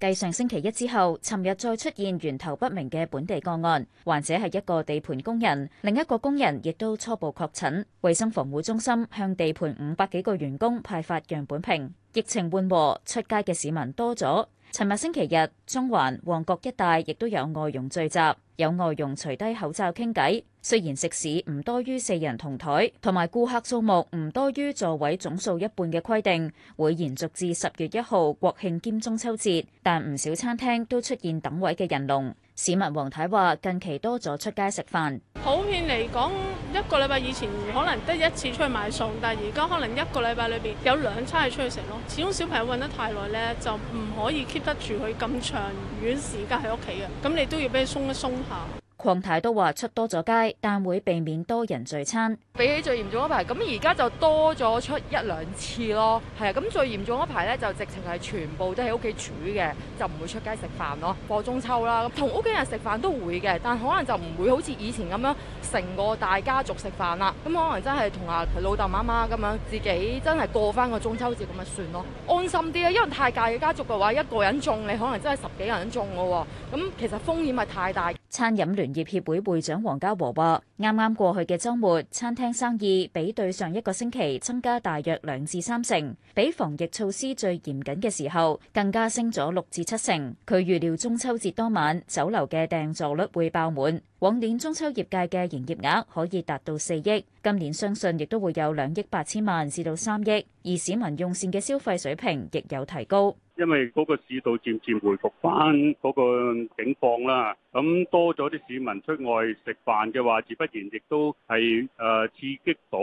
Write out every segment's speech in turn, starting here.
繼上星期一之後，尋日再出現源頭不明嘅本地個案，患者係一個地盤工人，另一個工人亦都初步確診。衛生防護中心向地盤五百幾個員工派發樣本瓶。疫情緩和，出街嘅市民多咗。尋日星期日，中環、旺角一帶亦都有外傭聚集，有外傭除低口罩傾偈。雖然食肆唔多於四人同台，同埋顧客數目唔多於座位總數一半嘅規定，會延續至十月一號國慶兼中秋節，但唔少餐廳都出現等位嘅人龍。市民王太話：近期多咗出街食飯，普遍嚟講一個禮拜以前可能得一次出去買餸，但而家可能一個禮拜裏面有兩餐係出去食咯。始終小朋友韞得太耐呢，就唔可以 keep 得住佢咁長遠時間喺屋企嘅，咁你都要俾佢鬆一鬆一下。鄺太都話出多咗街，但會避免多人聚餐。比起最嚴重一排，咁而家就多咗出一兩次咯。係啊，咁最嚴重一排咧就直情係全部都喺屋企煮嘅，就唔會出街食飯咯。過中秋啦，同屋企人食飯都會嘅，但可能就唔會好似以前咁樣成個大家族食飯啦。咁可能真係同阿老豆媽媽咁樣，自己真係過翻個中秋節咁咪算咯，安心啲啊！因為太大嘅家族嘅話，一個人中你可能真係十幾個人中噶喎，咁其實風險係太大。餐飲聯業協會會長黃家和話，啱啱過去嘅周末，餐廳生意比對上一個星期增加大約兩至三成，比防疫措施最嚴謹嘅時候更加升咗六至七成。佢預料中秋節當晚，酒樓嘅訂座率會爆滿。往年中秋業界嘅營業額可以達到四億，今年相信亦都會有兩億八千萬至到三億，而市民用膳嘅消費水平亦有提高。因為嗰個市道漸漸回復返嗰個景況啦，咁多咗啲市民出外食飯嘅話，自不然亦都係誒刺激到。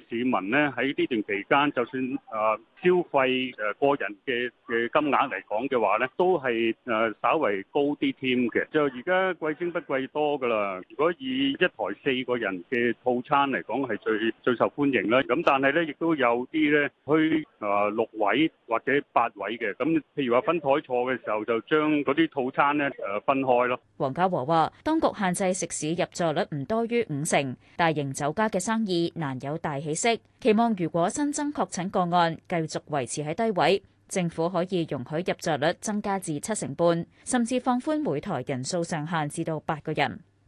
啲市民咧，喺呢段期間，就算啊消費誒個人嘅嘅金額嚟講嘅話咧，都係誒稍微高啲添嘅。就而家貴精不貴多噶啦。如果以一台四個人嘅套餐嚟講，係最最受歡迎啦。咁但係咧，亦都有啲咧，區啊六位或者八位嘅。咁譬如話分枱坐嘅時候，就將嗰啲套餐咧誒分開咯。黃家和話：當局限制食肆入座率唔多於五成，大型酒家嘅生意難有大。起色，期望如果新增確診個案繼續維持喺低位，政府可以容許入座率增加至七成半，甚至放寬每台人數上限至到八個人。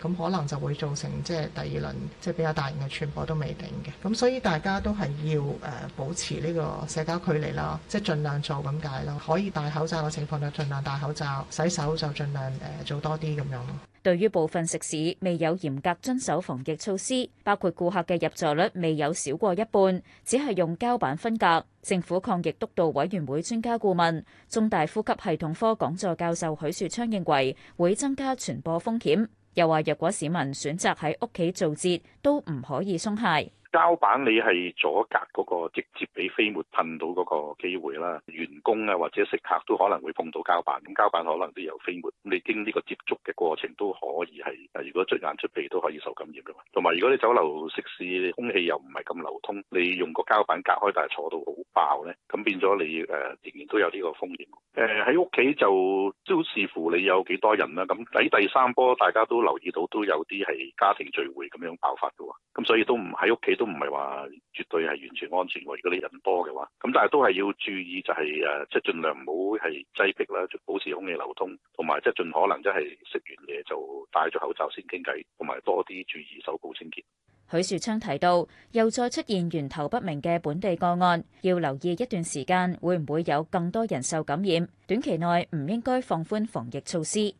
咁可能就會造成即係第二輪，即係比較大型嘅傳播都未定嘅咁，所以大家都係要誒保持呢個社交距離啦，即係儘量做咁解咯。可以戴口罩嘅情況就儘量戴口罩，洗手就儘量誒做多啲咁樣咯。對於部分食肆未有嚴格遵守防疫措施，包括顧客嘅入座率未有少過一半，只係用膠板分隔，政府抗疫督導委員會專家顧問中大呼吸系統科講座教授許樹昌認為會增加傳播風險。又話，若果市民選擇喺屋企做節，都唔可以鬆懈。膠板你係阻隔嗰個直接俾飛沫噴到嗰個機會啦，員工啊或者食客都可能會碰到膠板，咁膠板可能都有飛沫，你經呢個接觸嘅過程都可以係，如果捽眼捽鼻都可以受感染㗎嘛。同埋如果你酒樓食肆空氣又唔係咁流通，你用個膠板隔開，但係坐到好爆呢、啊，咁變咗你誒仍然都有呢個風險。誒喺屋企就都視乎你有幾多人啦，咁喺第三波大家都留意到都有啲係家庭聚會咁樣爆發㗎喎。咁所以都唔喺屋企都唔係話絕對係完全安全，如果你人多嘅話，咁但係都係要注意就係誒即係盡量唔好係擠逼啦，保持空氣流通，同埋即係盡可能即係食完嘢就戴住口罩先傾偈，同埋多啲注意手部清潔。許樹昌提到，又再出現源頭不明嘅本地個案，要留意一段時間會唔會有更多人受感染，短期內唔應該放寬防疫措施。